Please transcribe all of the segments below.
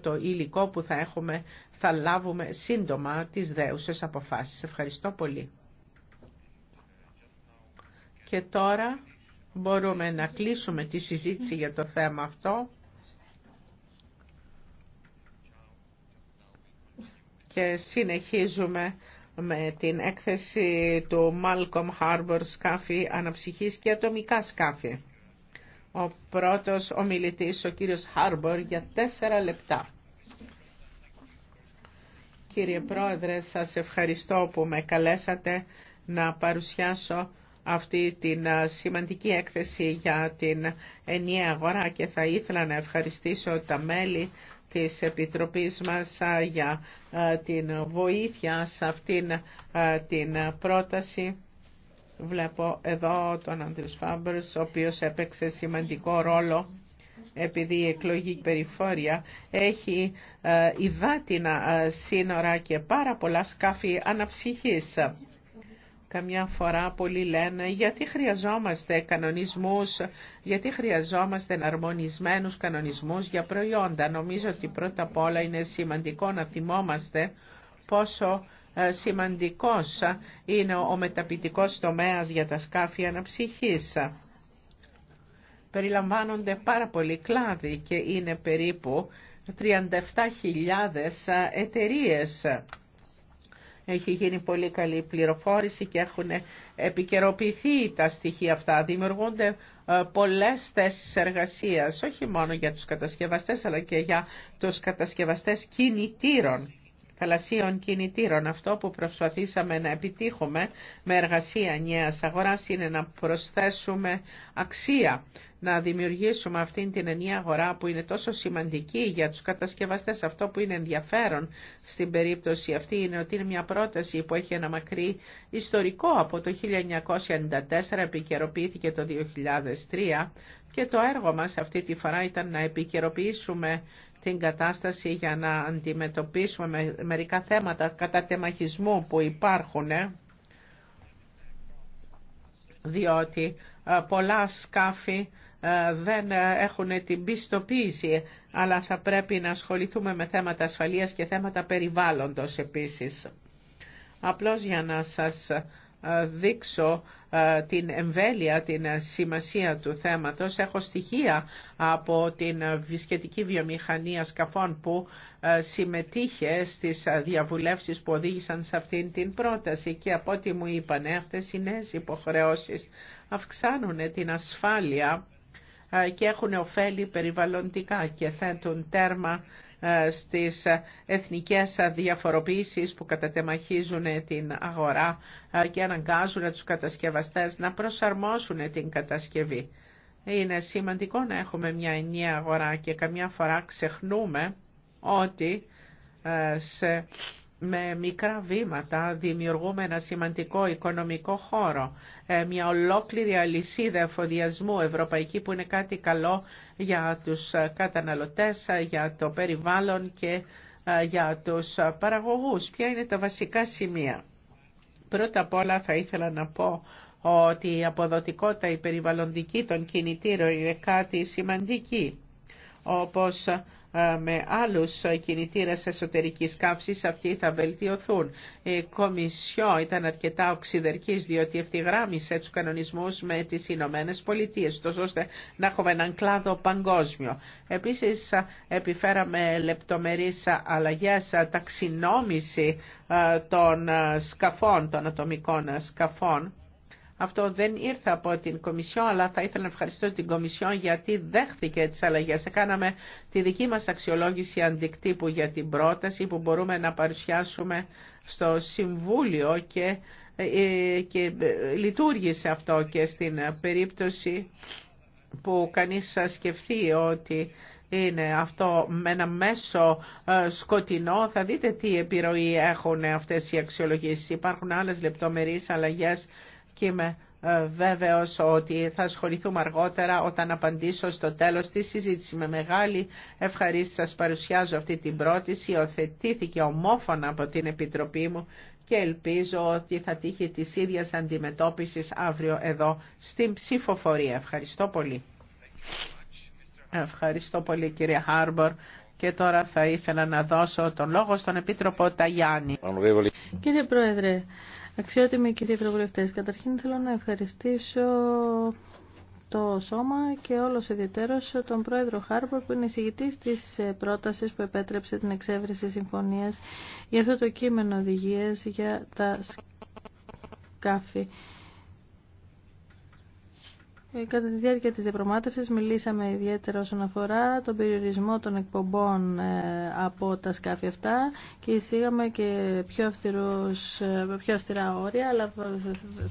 το υλικό που θα έχουμε θα λάβουμε σύντομα τις δέουσες αποφάσεις. Ευχαριστώ πολύ. Και τώρα μπορούμε να κλείσουμε τη συζήτηση για το θέμα αυτό. Και συνεχίζουμε με την έκθεση του Malcolm Harbour σκάφη αναψυχής και ατομικά σκάφη. Ο πρώτος ομιλητής, ο κύριος Χάρμπορ, για τέσσερα λεπτά. Κύριε Πρόεδρε, σας ευχαριστώ που με καλέσατε να παρουσιάσω αυτή την σημαντική έκθεση για την ενιαία αγορά και θα ήθελα να ευχαριστήσω τα μέλη της Επιτροπής μας για την βοήθεια σε αυτήν την πρόταση Βλέπω εδώ τον Άντρις Φάμπερς, ο οποίος έπαιξε σημαντικό ρόλο επειδή η εκλογική περιφόρεια έχει ε, υδάτινα ε, σύνορα και πάρα πολλά σκάφη αναψυχής. Καμιά φορά πολλοί λένε γιατί χρειαζόμαστε κανονισμούς, γιατί χρειαζόμαστε εναρμονισμένους κανονισμούς για προϊόντα. Νομίζω ότι πρώτα απ' όλα είναι σημαντικό να θυμόμαστε πόσο ε, σημαντικός είναι ο μεταπητικός τομέας για τα σκάφη αναψυχής. Περιλαμβάνονται πάρα πολλοί κλάδοι και είναι περίπου 37.000 εταιρείες. Έχει γίνει πολύ καλή πληροφόρηση και έχουν επικαιροποιηθεί τα στοιχεία αυτά. Δημιουργούνται ε, πολλές θέσεις εργασίας, όχι μόνο για τους κατασκευαστές, αλλά και για τους κατασκευαστές κινητήρων θαλασσίων κινητήρων. Αυτό που προσπαθήσαμε να επιτύχουμε με εργασία νέας αγοράς είναι να προσθέσουμε αξία, να δημιουργήσουμε αυτήν την ενιαία αγορά που είναι τόσο σημαντική για τους κατασκευαστές. Αυτό που είναι ενδιαφέρον στην περίπτωση αυτή είναι ότι είναι μια πρόταση που έχει ένα μακρύ ιστορικό. Από το 1994 επικαιροποιήθηκε το 2003 και το έργο μας αυτή τη φορά ήταν να επικαιροποιήσουμε την κατάσταση για να αντιμετωπίσουμε μερικά θέματα κατά τεμαχισμού που υπάρχουν ε. διότι ε, πολλά σκάφη ε, δεν έχουν την πιστοποίηση, αλλά θα πρέπει να ασχοληθούμε με θέματα ασφαλείας και θέματα περιβάλλοντος επίσης. Απλώς για να σας ε, δείξω ε, την εμβέλεια, την σημασία του θέματος. Έχω στοιχεία από την βισκετική βιομηχανία σκαφών που ε, συμμετείχε στις διαβουλεύσεις που οδήγησαν σε αυτήν την πρόταση και από ό,τι μου είπανε αυτές οι νέες υποχρεώσεις αυξάνουν την ασφάλεια και έχουν ωφέλη περιβαλλοντικά και θέτουν τέρμα ε, στις εθνικές διαφοροποίησεις που κατατεμαχίζουν την αγορά ε, και αναγκάζουν τους κατασκευαστές να προσαρμόσουν την κατασκευή. Είναι σημαντικό να έχουμε μια ενιαία αγορά και καμιά φορά ξεχνούμε ότι ε, σε με μικρά βήματα δημιουργούμε ένα σημαντικό οικονομικό χώρο, ε, μια ολόκληρη αλυσίδα εφοδιασμού ευρωπαϊκή που είναι κάτι καλό για τους ε, καταναλωτές, ε, για το περιβάλλον και για τους παραγωγούς. Ποια είναι τα βασικά σημεία. Πρώτα απ' όλα θα ήθελα να πω ότι η αποδοτικότητα η περιβαλλοντική των κινητήρων είναι κάτι σημαντική, όπως ε, με άλλους κινητήρες εσωτερικής καύσης αυτοί θα βελτιωθούν. Η Κομισιό ήταν αρκετά οξυδερκής διότι ευθυγράμμισε τους κανονισμούς με τις Ηνωμένε Πολιτείες, τόσο ώστε να έχουμε έναν κλάδο παγκόσμιο. Επίσης επιφέραμε λεπτομερείς αλλαγές ταξινόμηση ε, των ε, σκαφών, των ατομικών σκαφών αυτό δεν ήρθε από την Κομισιόν, αλλά θα ήθελα να ευχαριστώ την Κομισιόν γιατί δέχθηκε τις αλλαγές. Κάναμε τη δική μας αξιολόγηση αντικτύπου για την πρόταση που μπορούμε να παρουσιάσουμε στο Συμβούλιο και, ε, και λειτουργήσε αυτό και στην περίπτωση που κανείς σκεφτεί ότι είναι αυτό με ένα μέσο ε, σκοτεινό. Θα δείτε τι επιρροή έχουν αυτές οι αξιολογήσεις. Υπάρχουν άλλες λεπτομερείς αλλαγές και είμαι ε, βέβαιος ότι θα ασχοληθούμε αργότερα όταν απαντήσω στο τέλος της συζήτηση. Με μεγάλη ευχαρίστηση σας παρουσιάζω αυτή την πρόταση. Υιοθετήθηκε ομόφωνα από την Επιτροπή μου και ελπίζω ότι θα τύχει της ίδιας αντιμετώπισης αύριο εδώ στην ψηφοφορία. Ευχαριστώ πολύ. Ευχαριστώ πολύ κύριε Χάρμπορ. Και τώρα θα ήθελα να δώσω τον λόγο στον Επίτροπο Ταγιάννη. Κύριε Πρόεδρε, Αξιότιμοι κύριοι Ευρωβουλευτέ, καταρχήν θέλω να ευχαριστήσω το σώμα και όλος ιδιαιτέρω τον πρόεδρο Χάρπορ που είναι εισηγητή τη πρόταση που επέτρεψε την εξέβρεση συμφωνία για αυτό το κείμενο οδηγίες για τα σκάφη. Ε, κατά τη διάρκεια της διαπραγμάτευσης μιλήσαμε ιδιαίτερα όσον αφορά τον περιορισμό των εκπομπών ε, από τα σκάφη αυτά και εισήγαμε και πιο, αυστηρούς, ε, πιο αυστηρά όρια, αλλά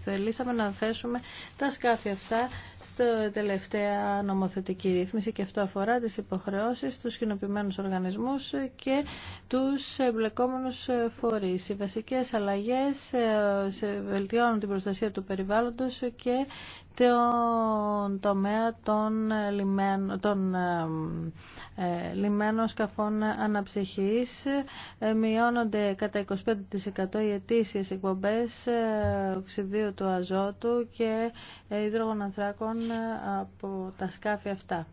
θελήσαμε να θέσουμε τα σκάφη αυτά στο τελευταία νομοθετική ρύθμιση και αυτό αφορά τις υποχρεώσεις, τους κοινοποιημένου οργανισμούς και τους εμπλεκόμενους φορείς. Οι βασικές αλλαγές βελτιώνουν την προστασία του περιβάλλοντος και τον τομέα των, λιμένων, των ε, λιμένων σκαφών αναψυχής. Ε, μειώνονται κατά 25% οι αιτήσει εκπομπές ε, οξυδίου του αζότου και ε, υδρογοναθράκων από τα σκάφη αυτά.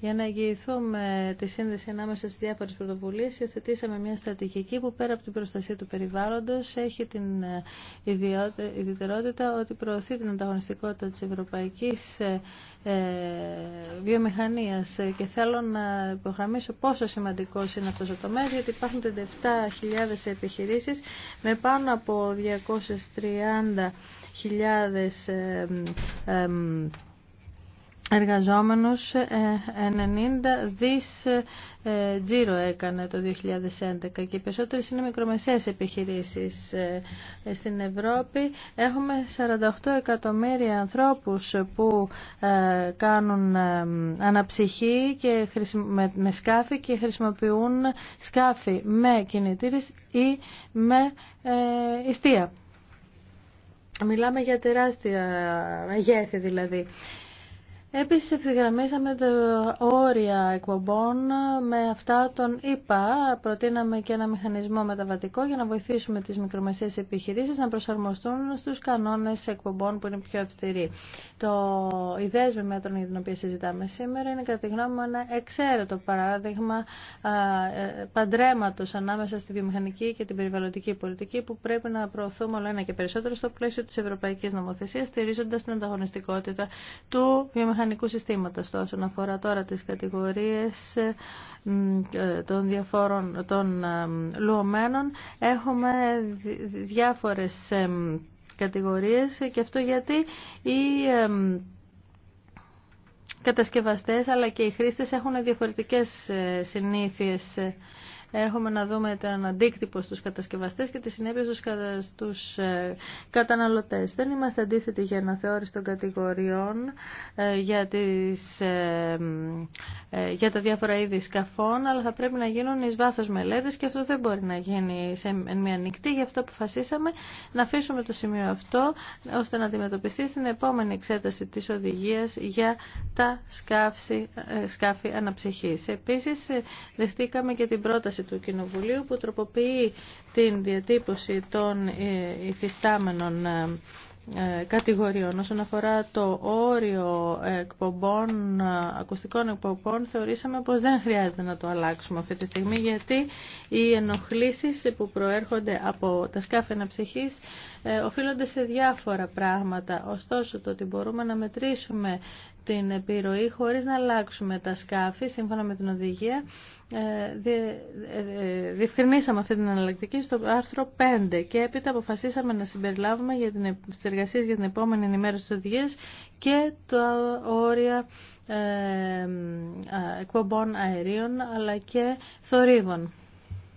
Για να εγγυηθούμε τη σύνδεση ανάμεσα στις διάφορες πρωτοβουλίες, υιοθετήσαμε μια στρατηγική που πέρα από την προστασία του περιβάλλοντος έχει την ε, ιδιαιτερότητα ότι προωθεί την ανταγωνιστικότητα της ευρωπαϊκής ε, ε, βιομηχανίας και θέλω να υπογραμμίσω πόσο σημαντικό είναι αυτό ο τομέας γιατί υπάρχουν 37.000 επιχειρήσει με πάνω από 230.000 εργαζόμενους 90 ε, δις ε, τζίρο έκανε το 2011 και οι περισσότερες είναι μικρομεσαίες επιχειρήσεις. Ε, στην Ευρώπη έχουμε 48 εκατομμύρια ανθρώπους που κάνουν αναψυχή και με σκάφη και χρησιμοποιούν σκάφη με κινητήρες ή με ιστία. Μιλάμε για τεράστια μεγέθη δηλαδή. Επίσης ευθυγραμμίσαμε τα όρια εκπομπών με αυτά των ΙΠΑ. Προτείναμε και ένα μηχανισμό μεταβατικό για να βοηθήσουμε τις μικρομεσαίες επιχειρήσεις να προσαρμοστούν στους κανόνες εκπομπών που είναι πιο αυστηροί. Το η δέσμη μέτρων για την οποία συζητάμε σήμερα είναι κατά τη γνώμη μου ένα εξαίρετο παράδειγμα ε, παντρέματος ανάμεσα στη βιομηχανική και την περιβαλλοντική πολιτική που πρέπει να προωθούμε όλο ένα και περισσότερο στο πλαίσιο της ευρωπαϊκής νομοθεσίας στηρίζοντας την ανταγωνιστικότητα του βιομηχανικού μηχανικού συστήματος όσον αφορά τώρα τις κατηγορίες ε, των διαφόρων των ε, λουωμένων έχουμε διάφορες ε, κατηγορίες και αυτό γιατί οι κατασκευαστές αλλά και οι χρήστες έχουν διαφορετικές συνήθειες Έχουμε να δούμε τον αντίκτυπο στους κατασκευαστές και τις συνέπειες στους, κατα... Ε, καταναλωτές. Δεν είμαστε αντίθετοι για αναθεώρηση των κατηγοριών ε, για, τις... Ε, για τα διάφορα είδη σκαφών, αλλά θα πρέπει να γίνουν εις βάθος μελέτες και αυτό δεν μπορεί να γίνει σε μια νυχτή. Γι' αυτό αποφασίσαμε να αφήσουμε το σημείο αυτό ώστε να αντιμετωπιστεί στην επόμενη εξέταση της οδηγίας για τα σκάφη, σκάφη αναψυχής. Επίσης, δεχτήκαμε και την πρόταση του Κοινοβουλίου που τροποποιεί την διατύπωση των ε, υφιστάμενων ε, ε, κατηγοριών. Όσον αφορά το όριο εκπομπών, ακουστικών εκπομπών, θεωρήσαμε πως δεν χρειάζεται να το αλλάξουμε αυτή τη στιγμή, γιατί οι ενοχλήσεις που προέρχονται από τα σκάφη ψυχής οφείλονται σε διάφορα πράγματα. Ωστόσο, το ότι μπορούμε να μετρήσουμε την επιρροή χωρίς να αλλάξουμε τα σκάφη σύμφωνα με την οδηγία. Ε, ε, ε, διευκρινίσαμε αυτή την αναλλακτική στο άρθρο 5 και έπειτα αποφασίσαμε να συμπεριλάβουμε για την, στις για την επόμενη ενημέρωση της οδηγίας και τα όρια εκπομπών αερίων αλλά και θορύβων.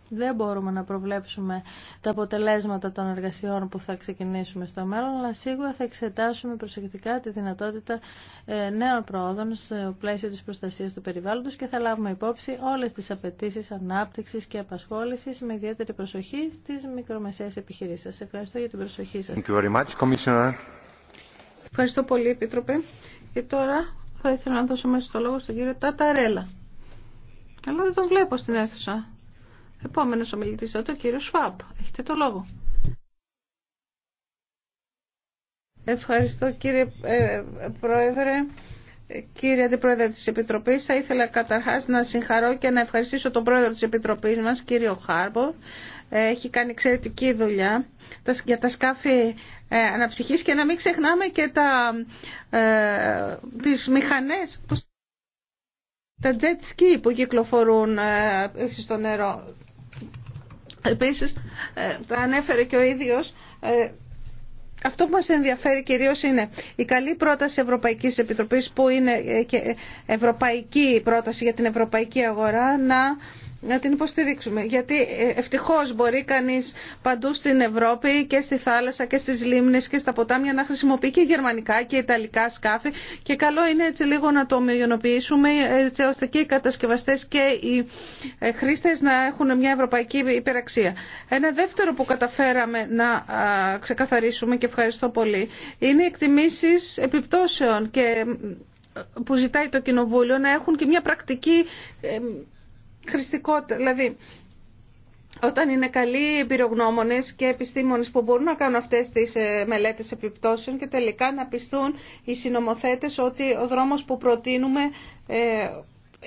Δεν μπορούμε να προβλέψουμε τα αποτελέσματα των εργασιών που θα ξεκινήσουμε στο μέλλον, αλλά σίγουρα θα εξετάσουμε προσεκτικά τη δυνατότητα ε, νέων προόδων στο πλαίσιο της προστασίας του περιβάλλοντος και θα λάβουμε υπόψη όλες τις απαιτήσει ανάπτυξης και απασχόλησης με ιδιαίτερη προσοχή στις μικρομεσαίες επιχειρήσεις. Σας ευχαριστώ για την προσοχή σας. ευχαριστώ πολύ, Επίτροπε. Και τώρα θα ήθελα να δώσω μέσα στο λόγο στον κύριο Ταταρέλα. καλό δεν τον βλέπω στην αίθουσα. Επόμενο ο μιλητής τότε, ο κύριος Σφάμπ. Έχετε το λόγο. Ευχαριστώ κύριε ε, Πρόεδρε. Κύριε Αντιπρόεδρε της Επιτροπής, θα ήθελα καταρχάς να συγχαρώ και να ευχαριστήσω τον Πρόεδρο της Επιτροπής μας, κύριο Χάρμπορ. Έχει κάνει εξαιρετική δουλειά για τα σκάφη ε, αναψυχής και να μην ξεχνάμε και τα, ε, τις μηχανές, τα jet ski που κυκλοφορούν ε, στο νερό. Επίσης, ε, τα ανέφερε και ο ίδιος, ε, αυτό που μας ενδιαφέρει κυρίως είναι η καλή πρόταση Ευρωπαϊκής Επιτροπής που είναι ε, και ευρωπαϊκή πρόταση για την ευρωπαϊκή αγορά να να την υποστηρίξουμε. Γιατί ε, ευτυχώ μπορεί κανεί παντού στην Ευρώπη και στη θάλασσα και στι λίμνες και στα ποτάμια να χρησιμοποιεί και γερμανικά και ιταλικά σκάφη και καλό είναι έτσι λίγο να το ομοιονοποιήσουμε έτσι ώστε και οι κατασκευαστέ και οι ε, χρήστε να έχουν μια ευρωπαϊκή υπεραξία. Ένα δεύτερο που καταφέραμε να ξεκαθαρίσουμε και ευχαριστώ πολύ είναι οι εκτιμήσει επιπτώσεων και ε, που ζητάει το Κοινοβούλιο να έχουν και μια πρακτική χρηστικότητα. Δηλαδή, όταν είναι καλοί οι και επιστήμονε που μπορούν να κάνουν αυτέ τι ε, μελέτε επιπτώσεων και τελικά να πιστούν οι συνομοθέτε ότι ο δρόμο που προτείνουμε ε,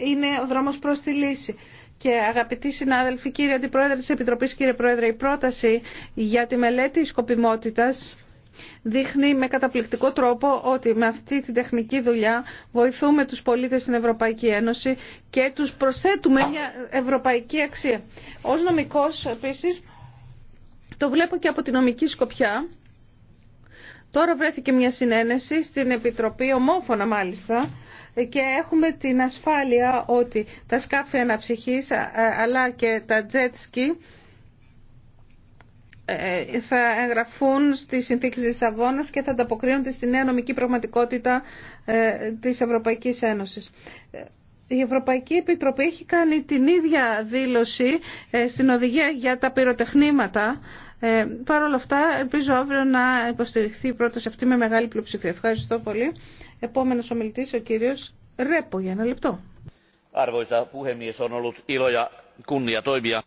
είναι ο δρόμο προ τη λύση. Και αγαπητοί συνάδελφοι, κύριε Αντιπρόεδρε τη Επιτροπή, κύριε Πρόεδρε, η πρόταση για τη μελέτη σκοπιμότητας δείχνει με καταπληκτικό τρόπο ότι με αυτή τη τεχνική δουλειά βοηθούμε τους πολίτες στην Ευρωπαϊκή Ένωση και τους προσθέτουμε μια ευρωπαϊκή αξία. Ως νομικός επίσης το βλέπω και από τη νομική σκοπιά. Τώρα βρέθηκε μια συνένεση στην Επιτροπή, ομόφωνα μάλιστα, και έχουμε την ασφάλεια ότι τα σκάφη αναψυχής αλλά και τα jet ε, θα εγγραφούν στη συνθήκη της Σαββόνας και θα ανταποκρίνονται στη νέα νομική πραγματικότητα ε, της Ευρωπαϊκής Ένωσης. Ε, η Ευρωπαϊκή Επιτροπή έχει κάνει την ίδια δήλωση στην οδηγία για τα πυροτεχνήματα. Ε, Παρ' όλα αυτά, ελπίζω αύριο να υποστηριχθεί η πρόταση αυτή με μεγάλη πλειοψηφία. Ευχαριστώ πολύ. Επόμενος ομιλητής, ο κύριος Ρέπο, για ένα λεπτό.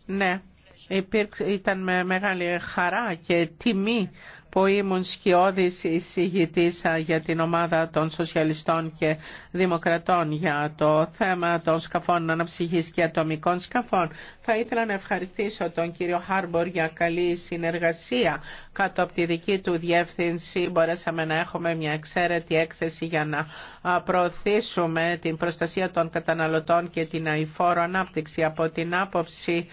Ναι. Υπήρξε, ήταν με μεγάλη χαρά και τιμή που ήμουν σκιώδης εισηγητής για την ομάδα των Σοσιαλιστών και Δημοκρατών για το θέμα των σκαφών αναψυχή και ατομικών σκαφών. Θα ήθελα να ευχαριστήσω τον κύριο Χάρμπορ για καλή συνεργασία. Κάτω από τη δική του διεύθυνση μπορέσαμε να έχουμε μια εξαίρετη έκθεση για να προωθήσουμε την προστασία των καταναλωτών και την αηφόρο ανάπτυξη. Από την άποψη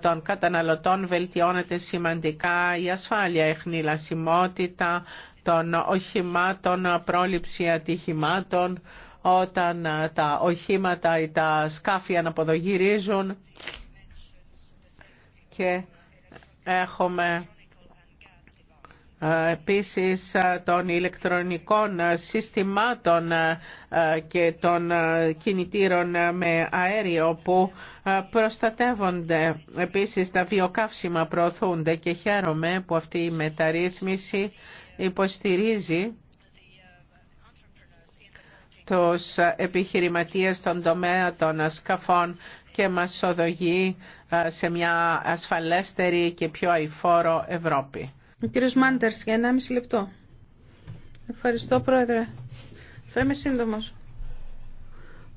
των καταναλωτών βελτιώνεται σημαντικά η ασφάλεια εχνήλαση των οχημάτων, πρόληψη ατυχημάτων, όταν ε, τα οχήματα ή τα σκάφη αναποδογυρίζουν και έχουμε επίσης ε, των ηλεκτρονικών ε, συστημάτων ε, και των κινητήρων με αέριο που προστατεύονται. Επίσης τα βιοκαύσιμα προωθούνται και χαίρομαι που αυτή η μεταρρύθμιση υποστηρίζει τους επιχειρηματίες των τομέα των σκαφών και μας οδηγεί σε μια ασφαλέστερη και πιο αηφόρο Ευρώπη. Ο κύριος Μάντερ για 1,5 λεπτό. Ευχαριστώ πρόεδρε. Θα είμαι σύντομο.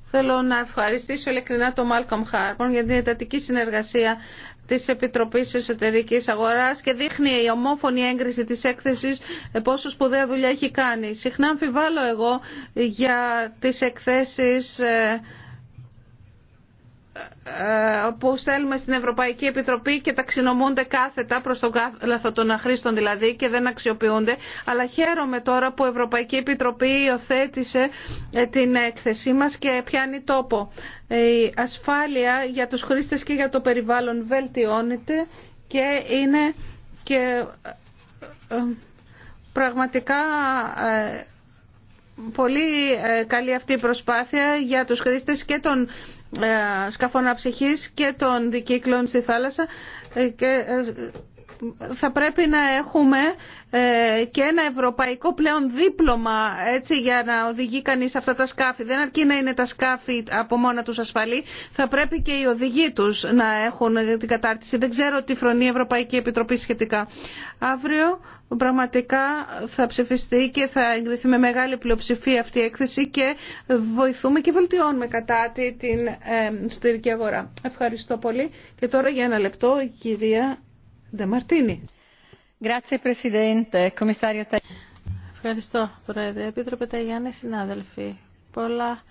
Θέλω να ευχαριστήσω ειλικρινά τον Μάλκομ Χάρμον για την εντατική συνεργασία της Επιτροπής Εσωτερικής Αγοράς και δείχνει η ομόφωνη έγκριση της έκθεση ε, πόσο σπουδαία δουλειά έχει κάνει. Συχνά αμφιβάλλω εγώ για τις εκθέσεις ε, ε, που στέλνουμε στην Ευρωπαϊκή Επιτροπή και ταξινομούνται κάθετα προς τον κάθελαθο των αχρήστων δηλαδή και δεν αξιοποιούνται. Αλλά χαίρομαι τώρα που η Ευρωπαϊκή Επιτροπή υιοθέτησε ε, την έκθεσή μας και πιάνει τόπο. Η ασφάλεια για τους χρήστες και για το περιβάλλον βελτιώνεται και είναι και ε, πραγματικά πολύ ε, καλή αυτή η προσπάθεια για τους χρήστες και των ε, σκαφών αψυχής και των δικύκλων στη θάλασσα ε, θα πρέπει να έχουμε ε, και ένα ευρωπαϊκό πλέον δίπλωμα έτσι, για να οδηγεί κανείς αυτά τα σκάφη. Δεν αρκεί να είναι τα σκάφη από μόνα τους ασφαλή, θα πρέπει και οι οδηγοί τους να έχουν την κατάρτιση. Δεν ξέρω τι φρονεί η Ευρωπαϊκή Επιτροπή σχετικά. Αύριο πραγματικά θα ψηφιστεί και θα εγκριθεί με μεγάλη πλειοψηφία αυτή η έκθεση και βοηθούμε και βελτιώνουμε κατά την ε, αγορά. Ευχαριστώ πολύ. Και τώρα για ένα λεπτό η κυρία Ευχαριστώ, Πρόεδρε. Επίτροπε Ταγιάννη, συνάδελφοι. Πολλά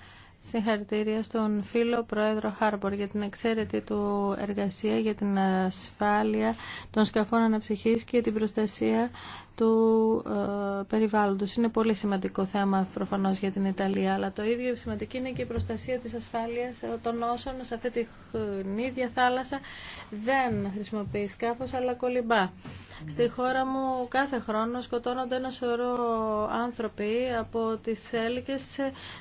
Συγχαρητήρια στον φίλο Πρόεδρο Χάρμπορ για την εξαίρετη του εργασία για την ασφάλεια των σκαφών αναψυχής και την προστασία του ε, περιβάλλοντος. Είναι πολύ σημαντικό θέμα προφανώς για την Ιταλία, αλλά το ίδιο σημαντική είναι και η προστασία της ασφάλειας των όσων σε αυτή την ίδια θάλασσα δεν χρησιμοποιεί σκάφος, αλλά κολυμπά. Στη χώρα μου κάθε χρόνο σκοτώνονται ένα σωρό άνθρωποι από τις έλικες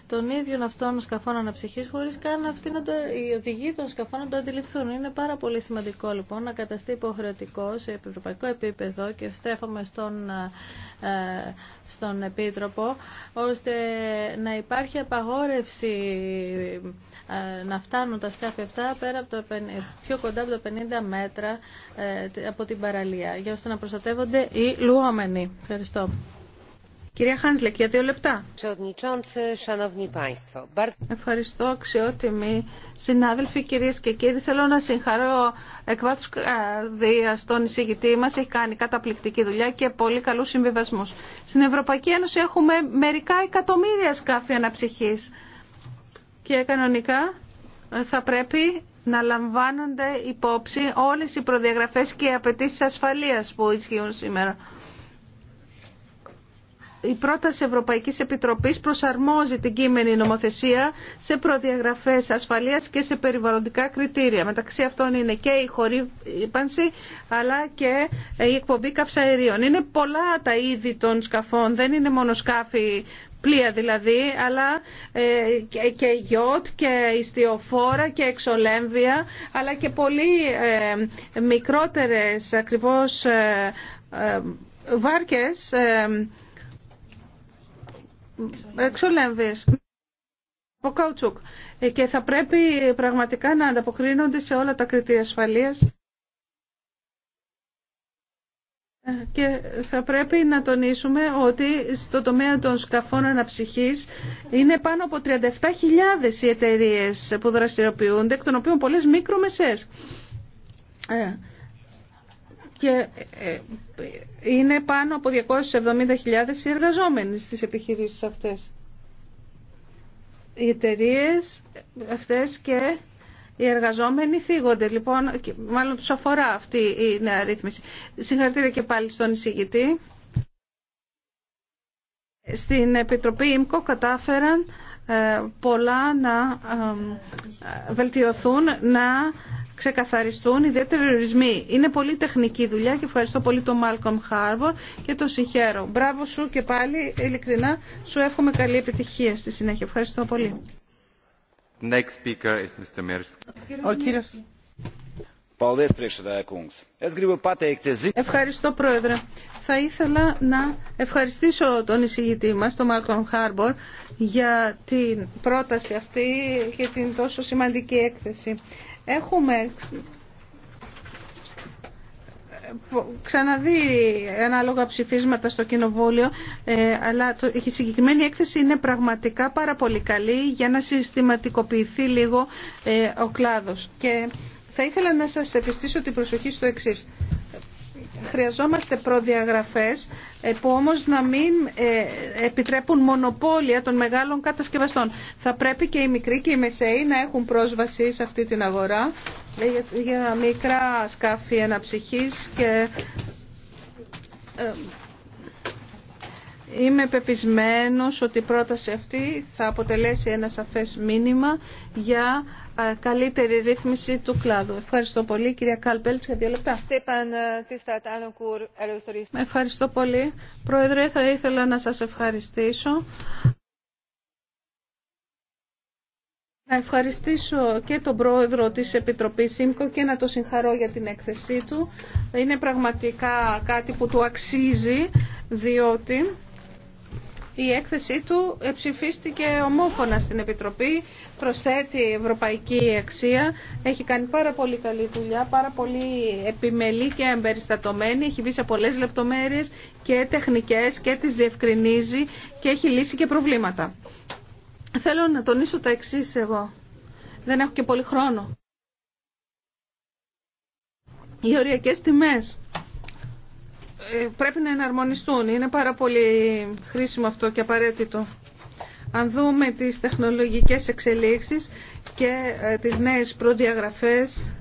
των ίδιων αυτών σκαφών αναψυχής χωρίς καν αυτοί να το, οι οδηγοί των σκαφών να το αντιληφθούν. Είναι πάρα πολύ σημαντικό λοιπόν να καταστεί υποχρεωτικό σε ευρωπαϊκό επίπεδο και στρέφομαι στον ε, στον Επίτροπο, ώστε να υπάρχει απαγόρευση ε, να φτάνουν τα σκάφη αυτά πέρα από το, πιο κοντά από τα 50 μέτρα ε, από την παραλία, για ώστε να προστατεύονται οι λουόμενοι. Ευχαριστώ. Κυρία Χάνσλεκ, για δύο λεπτά. Ευχαριστώ, αξιότιμοι συνάδελφοι, κυρίες και κύριοι. Θέλω να συγχαρώ εκ βάθους καρδίας τον εισηγητή μας. Έχει κάνει καταπληκτική δουλειά και πολύ καλούς συμβιβασμούς. Στην Ευρωπαϊκή Ένωση έχουμε μερικά εκατομμύρια σκάφη αναψυχής. Και κανονικά ε, θα πρέπει να λαμβάνονται υπόψη όλες οι προδιαγραφές και οι απαιτήσει ασφαλείας που ισχύουν σήμερα η πρόταση ευρωπαϊκή Επιτροπής προσαρμόζει την κείμενη νομοθεσία σε προδιαγραφές ασφαλείας και σε περιβαλλοντικά κριτήρια. Μεταξύ αυτών είναι και η χορύπανση αλλά και η εκπομπή καυσαερίων. Είναι πολλά τα είδη των σκαφών, δεν είναι μόνο σκάφη πλοία δηλαδή, αλλά ε, και γιότ και ιστιοφόρα και εξολέμβια, αλλά και πολύ ε, μικρότερες ακριβώς ε, βάρκες εξολέμβειες Ο καουτσούκ ε, και θα πρέπει πραγματικά να ανταποκρίνονται σε όλα τα κριτήρια ασφαλείας ε, και θα πρέπει να τονίσουμε ότι στο τομέα των σκαφών αναψυχής είναι πάνω από 37.000 οι εταιρείε που δραστηριοποιούνται, εκ των οποίων πολλές μικρομεσαίες. Ε, και ε, ε, είναι πάνω από 270.000 οι εργαζόμενοι στις επιχειρήσεις αυτές. Οι εταιρείε αυτές και οι εργαζόμενοι θίγονται, λοιπόν, μάλλον τους αφορά αυτή η νέα ρύθμιση. Συγχαρητήρια και πάλι στον εισηγητή. Στην Επιτροπή ΙΜΚΟ κατάφεραν ε, πολλά να βελτιωθούν, να ξεκαθαριστούν ιδιαίτεροι ορισμοί. Είναι πολύ τεχνική δουλειά και ευχαριστώ πολύ τον Μάλκομ Χάρμπορ και τον συγχαίρω. Μπράβο σου και πάλι, ειλικρινά, σου εύχομαι καλή επιτυχία στη συνέχεια. Ευχαριστώ πολύ. Next speaker is Mr. Ο Ευχαριστώ Πρόεδρε. Θα ήθελα να ευχαριστήσω τον εισηγητή μας, τον Μάλκομ Χάρμπορ, για την πρόταση αυτή και την τόσο σημαντική έκθεση. Έχουμε ξαναδεί ανάλογα ψηφίσματα στο Κοινοβούλιο, ε, αλλά η συγκεκριμένη έκθεση είναι πραγματικά πάρα πολύ καλή για να συστηματικοποιηθεί λίγο ε, ο κλάδος. Και θα ήθελα να σας επιστήσω την προσοχή στο εξής χρειαζόμαστε προδιαγραφές ε, που όμως να μην ε, επιτρέπουν μονοπόλια των μεγάλων κατασκευαστών. Θα πρέπει και οι μικροί και οι μεσαίοι να έχουν πρόσβαση σε αυτή την αγορά ε, για μικρά σκάφη αναψυχής και Είμαι πεπισμένος ότι η πρόταση αυτή θα αποτελέσει ένα σαφές μήνυμα για καλύτερη ρύθμιση του κλάδου. Ευχαριστώ πολύ. Κυρία Κάλπελτς, για δύο λεπτά. Ευχαριστώ πολύ. Πρόεδρε, θα ήθελα να σας ευχαριστήσω. Να ευχαριστήσω και τον πρόεδρο της Επιτροπής ΣΥΜΚΟ και να το συγχαρώ για την έκθεσή του. Είναι πραγματικά κάτι που του αξίζει, διότι η έκθεσή του ψηφίστηκε ομόφωνα στην Επιτροπή, προσθέτει ευρωπαϊκή αξία, έχει κάνει πάρα πολύ καλή δουλειά, πάρα πολύ επιμελή και εμπεριστατωμένη, έχει βγει σε πολλές λεπτομέρειες και τεχνικές και τις διευκρινίζει και έχει λύσει και προβλήματα. Θέλω να τονίσω τα εξή εγώ. Δεν έχω και πολύ χρόνο. Οι οριακές τιμές πρέπει να εναρμονιστούν. Είναι πάρα πολύ χρήσιμο αυτό και απαραίτητο. Αν δούμε τις τεχνολογικές εξελίξεις και ε, τις νέες προδιαγραφές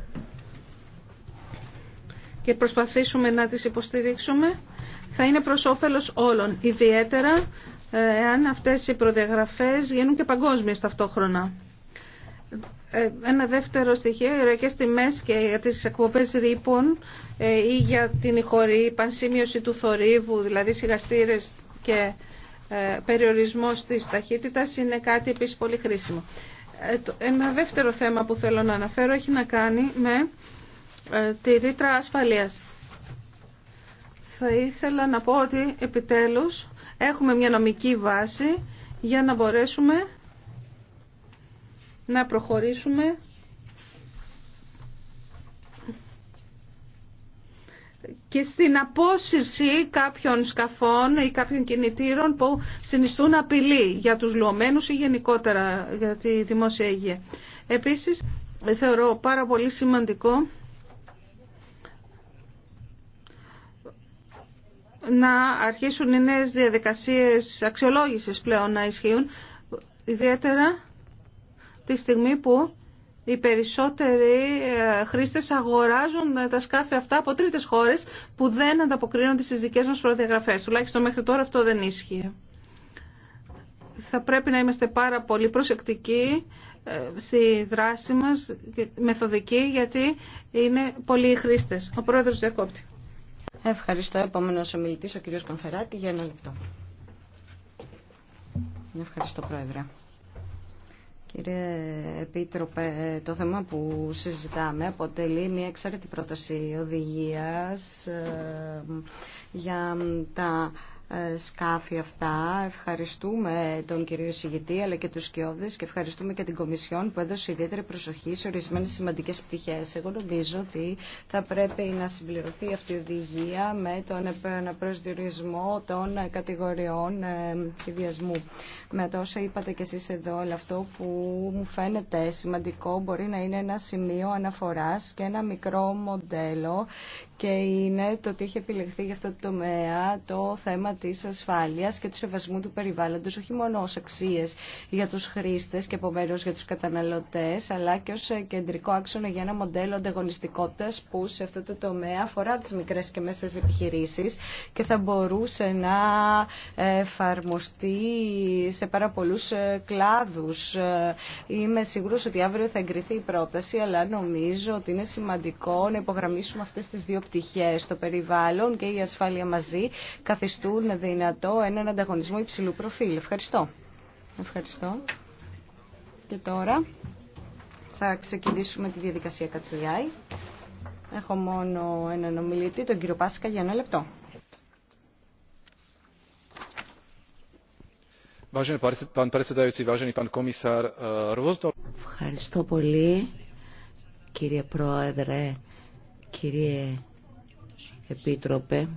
και προσπαθήσουμε να τις υποστηρίξουμε, θα είναι προς όφελος όλων, ιδιαίτερα ε, εάν αυτές οι προδιαγραφές γίνουν και παγκόσμιες ταυτόχρονα. Ε, ένα δεύτερο στοιχείο, οι ροικές τιμές και για τις εκπομπές ρήπων ε, ή για την ηχορή, πανσήμιωση του θορύβου, δηλαδή σιγαστήρες και ε, περιορισμός της ταχύτητας είναι κάτι επίσης πολύ χρήσιμο. Ένα δεύτερο θέμα που θέλω να αναφέρω έχει να κάνει με τη ρήτρα ασφαλείας. Θα ήθελα να πω ότι επιτέλους έχουμε μια νομική βάση για να μπορέσουμε να προχωρήσουμε και στην απόσυρση κάποιων σκαφών ή κάποιων κινητήρων που συνιστούν απειλή για τους λουωμένους ή γενικότερα για τη δημόσια υγεία. Επίσης, θεωρώ πάρα πολύ σημαντικό να αρχίσουν οι νέες διαδικασίες αξιολόγησης πλέον να ισχύουν, ιδιαίτερα τη στιγμή που οι περισσότεροι ε, χρήστες αγοράζουν ε, τα σκάφη αυτά από τρίτες χώρες που δεν ανταποκρίνονται στις δικές μας προδιαγραφές. Τουλάχιστον μέχρι τώρα αυτό δεν ίσχυε. Θα πρέπει να είμαστε πάρα πολύ προσεκτικοί ε, στη δράση μας, μεθοδικοί, γιατί είναι πολλοί οι χρήστες. Ο πρόεδρος διακόπτη. Ευχαριστώ. Επόμενος ομιλητής, ο κ. Κονφεράτη, για ένα λεπτό. Ευχαριστώ, πρόεδρε. Κύριε Επίτροπε, το θέμα που συζητάμε αποτελεί μια εξαιρετική πρόταση οδηγίας ε, για τα ε, σκάφη αυτά. Ευχαριστούμε τον κύριο Σιγητή αλλά και τους Σκιώδης και ευχαριστούμε και την Κομισιόν που έδωσε ιδιαίτερη προσοχή σε ορισμένες σημαντικές πτυχές. Εγώ νομίζω ότι θα πρέπει να συμπληρωθεί αυτή η οδηγία με τον προσδιορισμό των κατηγοριών ε, σχεδιασμού. Με τόσα είπατε κι εσείς εδώ, αλλά αυτό που μου φαίνεται σημαντικό μπορεί να είναι ένα σημείο αναφοράς και ένα μικρό μοντέλο και είναι το ότι έχει επιλεχθεί για αυτό το τομέα το θέμα της ασφάλειας και του σεβασμού του περιβάλλοντος, όχι μόνο ως αξίες για τους χρήστες και επομένω για τους καταναλωτές, αλλά και ως κεντρικό άξονα για ένα μοντέλο ανταγωνιστικότητας που σε αυτό το τομέα αφορά τις μικρές και μέσες επιχειρήσεις και θα μπορούσε να εφαρμοστεί σε πάρα πολλού ε, κλάδους. Ε, είμαι σίγουρος ότι αύριο θα εγκριθεί η πρόταση, αλλά νομίζω ότι είναι σημαντικό να υπογραμμίσουμε αυτές τις δύο πτυχέ στο περιβάλλον και η ασφάλεια μαζί καθιστούν δυνατό έναν ανταγωνισμό υψηλού προφίλ. Ευχαριστώ. Ευχαριστώ. Και τώρα θα ξεκινήσουμε τη διαδικασία Κατσιάη. Έχω μόνο έναν ομιλητή, τον κύριο Πάσκα, για ένα λεπτό. Ε, Ευχαριστώ πολύ, κύριε Πρόεδρε, κύριε Επίτροπε,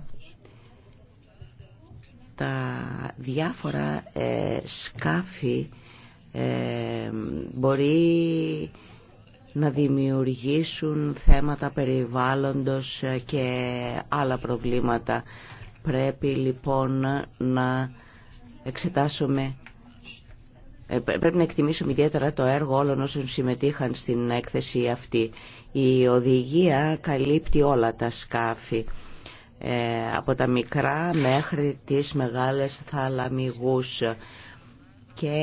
τα διάφορα ε, σκάφη ε, μπορεί να δημιουργήσουν θέματα περιβάλλοντος ε, και άλλα προβλήματα. Πρέπει λοιπόν να εξετάσουμε Πρέπει να εκτιμήσουμε ιδιαίτερα το έργο όλων όσων συμμετείχαν στην έκθεση αυτή. Η οδηγία καλύπτει όλα τα σκάφη ε, από τα μικρά μέχρι τις μεγάλες θαλαμιγούς και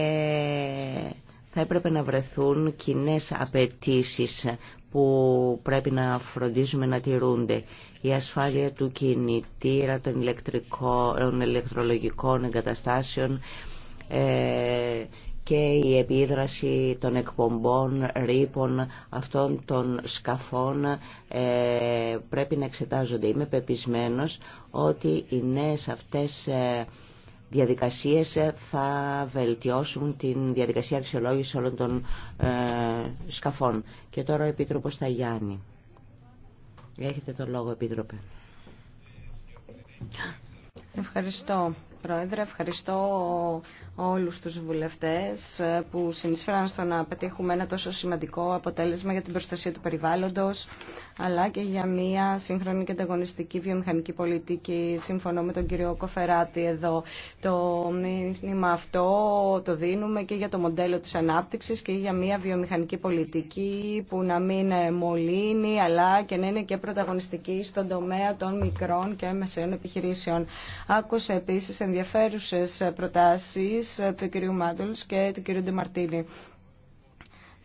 θα έπρεπε να βρεθούν κοινέ απαιτήσει που πρέπει να φροντίζουμε να τηρούνται. Η ασφάλεια του κινητήρα, των, ηλεκτρικών, των ηλεκτρολογικών εγκαταστάσεων, ε, και η επίδραση των εκπομπών, ρήπων αυτών των σκαφών ε, πρέπει να εξετάζονται. Είμαι πεπισμένος ότι οι νέες αυτές ε, διαδικασίες ε, θα βελτιώσουν την διαδικασία αξιολόγηση όλων των ε, σκαφών. Και τώρα ο Επίτροπος Ταγιάννη. Έχετε τον λόγο, Επίτροπε. Ευχαριστώ, Πρόεδρε. Ευχαριστώ όλους τους βουλευτές ε, που συνεισφέραν στο να πετύχουμε ένα τόσο σημαντικό αποτέλεσμα για την προστασία του περιβάλλοντος αλλά και για μια σύγχρονη και ανταγωνιστική βιομηχανική πολιτική. Συμφωνώ με τον κύριο Κοφεράτη εδώ. Το μήνυμα αυτό το δίνουμε και για το μοντέλο της ανάπτυξης και για μια βιομηχανική πολιτική που να μην μολύνει αλλά και να είναι και πρωταγωνιστική στον τομέα των μικρών και μεσαίων επιχειρήσεων. Άκουσα επίσης ενδιαφέρουσες προτάσεις ε, του κ. και του κ. Ντεμαρτίνη.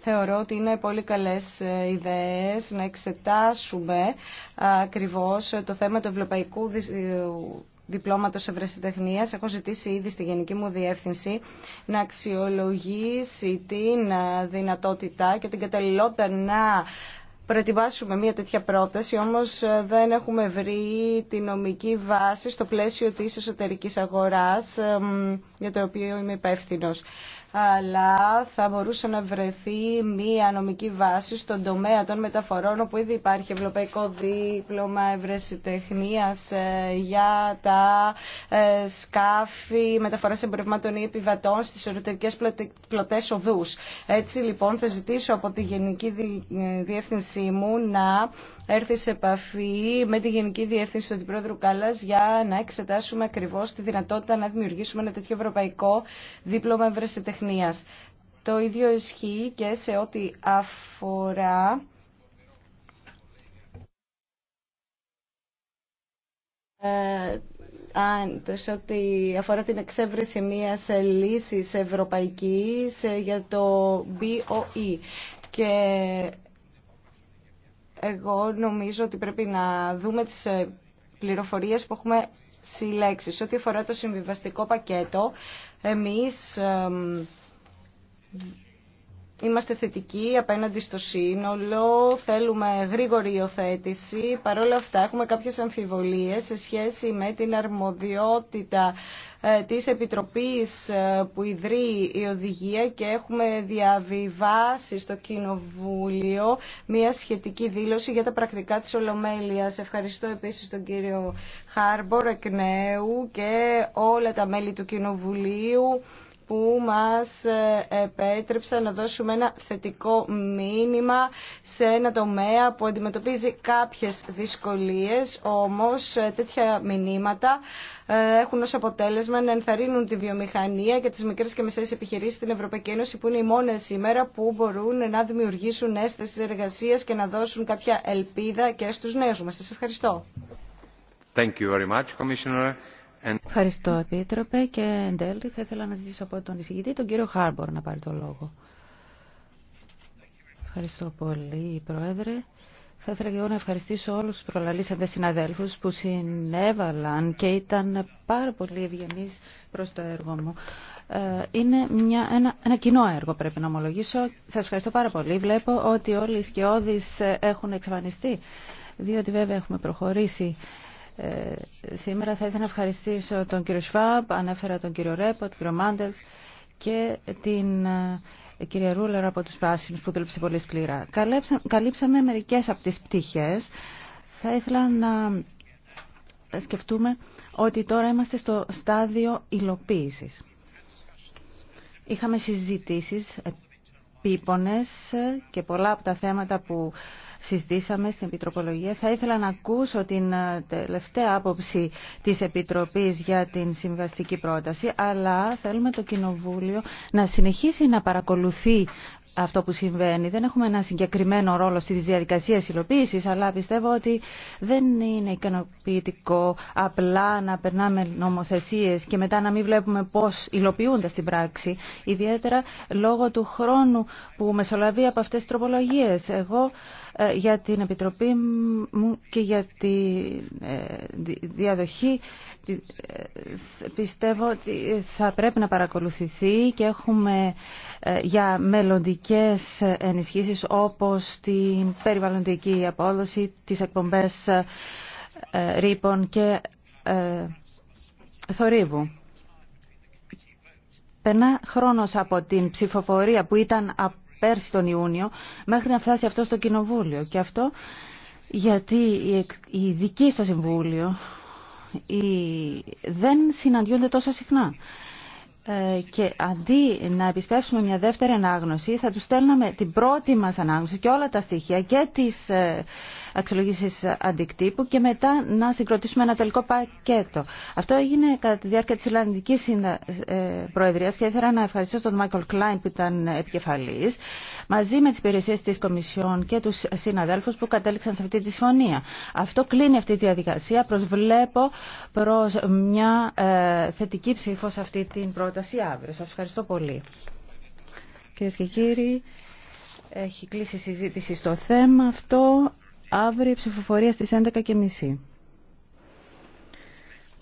Θεωρώ ότι είναι πολύ καλές ε, ιδέες να εξετάσουμε ε, ακριβώς το θέμα του ευρωπαϊκού διπλώματος ευρεσιτεχνίας. Έχω ζητήσει ήδη στη Γενική μου Διεύθυνση να αξιολογήσει την δυνατότητα και την καταλληλότητα να προετοιμάσουμε μια τέτοια πρόταση, όμως ε, δεν έχουμε βρει τη νομική βάση στο πλαίσιο της εσωτερικής αγοράς για το οποίο είμαι υπεύθυνο αλλά θα μπορούσε να βρεθεί μία νομική βάση στον τομέα των μεταφορών όπου ήδη υπάρχει ευρωπαϊκό δίπλωμα ευρεσιτεχνίας ε, για τα ε, σκάφη μεταφοράς εμπορευμάτων ή επιβατών στις ερωτερικές πλωτές οδούς. Έτσι λοιπόν θα ζητήσω από τη Γενική Διεύθυνσή μου να έρθει σε επαφή με τη Γενική Διεύθυνση του Αντιπρόεδρου Κάλλας για να εξετάσουμε ακριβώς τη δυνατότητα να δημιουργήσουμε ένα τέτοιο ευρωπαϊκό δίπλωμα ευρεσιτεχνίας το ίδιο ισχύει και σε ό,τι αφορά ε, αν, ό,τι αφορά την εξέβρεση μιας λύσης ευρωπαϊκής ε, για το BOE. Και εγώ νομίζω ότι πρέπει να δούμε τις ε, πληροφορίες που έχουμε συλλέξεις. Ό,τι αφορά το συμβιβαστικό πακέτο, εμείς είμαστε θετικοί απέναντι στο σύνολο, θέλουμε γρήγορη υιοθέτηση. Παρ' όλα αυτά έχουμε κάποιες αμφιβολίες σε σχέση με την αρμοδιότητα ε, της Επιτροπής ε, που ιδρύει η οδηγία και έχουμε διαβιβάσει στο Κοινοβούλιο μια σχετική δήλωση για τα πρακτικά της Ολομέλειας. Ευχαριστώ επίσης τον κύριο Χάρμπορ εκ και όλα τα μέλη του Κοινοβουλίου που μας ε, επέτρεψαν να δώσουμε ένα θετικό μήνυμα σε ένα τομέα που αντιμετωπίζει κάποιες δυσκολίες, όμως τέτοια μηνύματα ε, έχουν ως αποτέλεσμα να ενθαρρύνουν τη βιομηχανία και τις μικρές και μεσαίες επιχειρήσει στην Ευρωπαϊκή Ένωση που είναι οι μόνες σήμερα που μπορούν να δημιουργήσουν αίσθηση εργασία και να δώσουν κάποια ελπίδα και στους νέους μας. Σα ευχαριστώ. Thank you very much, Ευχαριστώ, Επίτροπε. Και εν τέλει θα ήθελα να ζητήσω από τον εισηγητή, τον κύριο Χάρμπορ, να πάρει το λόγο. Ευχαριστώ πολύ, Πρόεδρε. Θα ήθελα και εγώ να ευχαριστήσω όλους τους προλαλήσαντες συναδέλφους που συνέβαλαν και ήταν πάρα πολύ ευγενείς προς το έργο μου. Ε, είναι μια, ένα, κοινό έργο πρέπει να ομολογήσω. Σας ευχαριστώ πάρα πολύ. Βλέπω ότι όλοι οι σκιώδεις ε, έχουν εξαφανιστεί, διότι βέβαια έχουμε προχωρήσει ε, σήμερα. Θα ήθελα να ευχαριστήσω τον κύριο Σφάμπ, ανέφερα τον κύριο Ρέπο, τον κύριο Μάντελς και την ε, ε, κυρία Ρούλερ από τους Πράσινους που δούλεψε πολύ σκληρά. Καλύψαμε μερικές από τις πτυχές. Θα ήθελα να σκεφτούμε ότι τώρα είμαστε στο στάδιο υλοποίησης. Είχαμε συζητήσεις επίπονες και πολλά από τα θέματα που συζητήσαμε στην Επιτροπολογία. Θα ήθελα να ακούσω την ε, τελευταία άποψη της Επιτροπής για την συμβαστική πρόταση, αλλά θέλουμε το Κοινοβούλιο να συνεχίσει να παρακολουθεί αυτό που συμβαίνει. Δεν έχουμε ένα συγκεκριμένο ρόλο στις διαδικασίες υλοποίησης, αλλά πιστεύω ότι δεν είναι ικανοποιητικό απλά να περνάμε νομοθεσίες και μετά να μην βλέπουμε πώς υλοποιούνται στην πράξη, ιδιαίτερα λόγω του χρόνου που μεσολαβεί από αυτές τις τροπολογίες. Εγώ ε, για την Επιτροπή μου και για τη ε, διαδοχή ε, πιστεύω ότι θα πρέπει να παρακολουθηθεί και έχουμε για μελλοντικές ενισχύσεις όπως την περιβαλλοντική απόδοση, τις εκπομπές ρήπων και θορύβου. Περνά χρόνος από την ψηφοφορία που ήταν πέρσι τον Ιούνιο μέχρι να φτάσει αυτό στο Κοινοβούλιο. Και αυτό γιατί οι δικοί στο Συμβούλιο οι... δεν συναντιούνται τόσο συχνά. Ε, και αντί να επιστρέψουμε μια δεύτερη ανάγνωση θα του στέλναμε την πρώτη μα ανάγνωση και όλα τα στοιχεία και τις ε, αξιολογήσει αντικτύπου και μετά να συγκροτήσουμε ένα τελικό πακέτο. Αυτό έγινε κατά τη διάρκεια της Ιλλανδικής ε, προεδρία και ήθελα να ευχαριστήσω τον Μάικλ Κλάιν που ήταν επικεφαλή μαζί με τι υπηρεσίε τη Κομισιόν και του συναδέλφου που κατέληξαν σε αυτή τη συμφωνία. Αυτό κλείνει αυτή τη διαδικασία. Προσβλέπω προ μια θετική ψήφο αυτή την πρώτη πρόταση αύριο. Σας ευχαριστώ πολύ. Κυρίε και κύριοι, έχει κλείσει η συζήτηση στο θέμα αυτό. Αύριο η ψηφοφορία στις 11.30.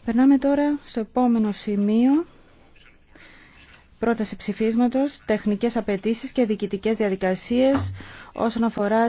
Περνάμε τώρα στο επόμενο σημείο. Πρόταση ψηφίσματος, τεχνικές απαιτήσεις και διοικητικές διαδικασίες όσον αφορά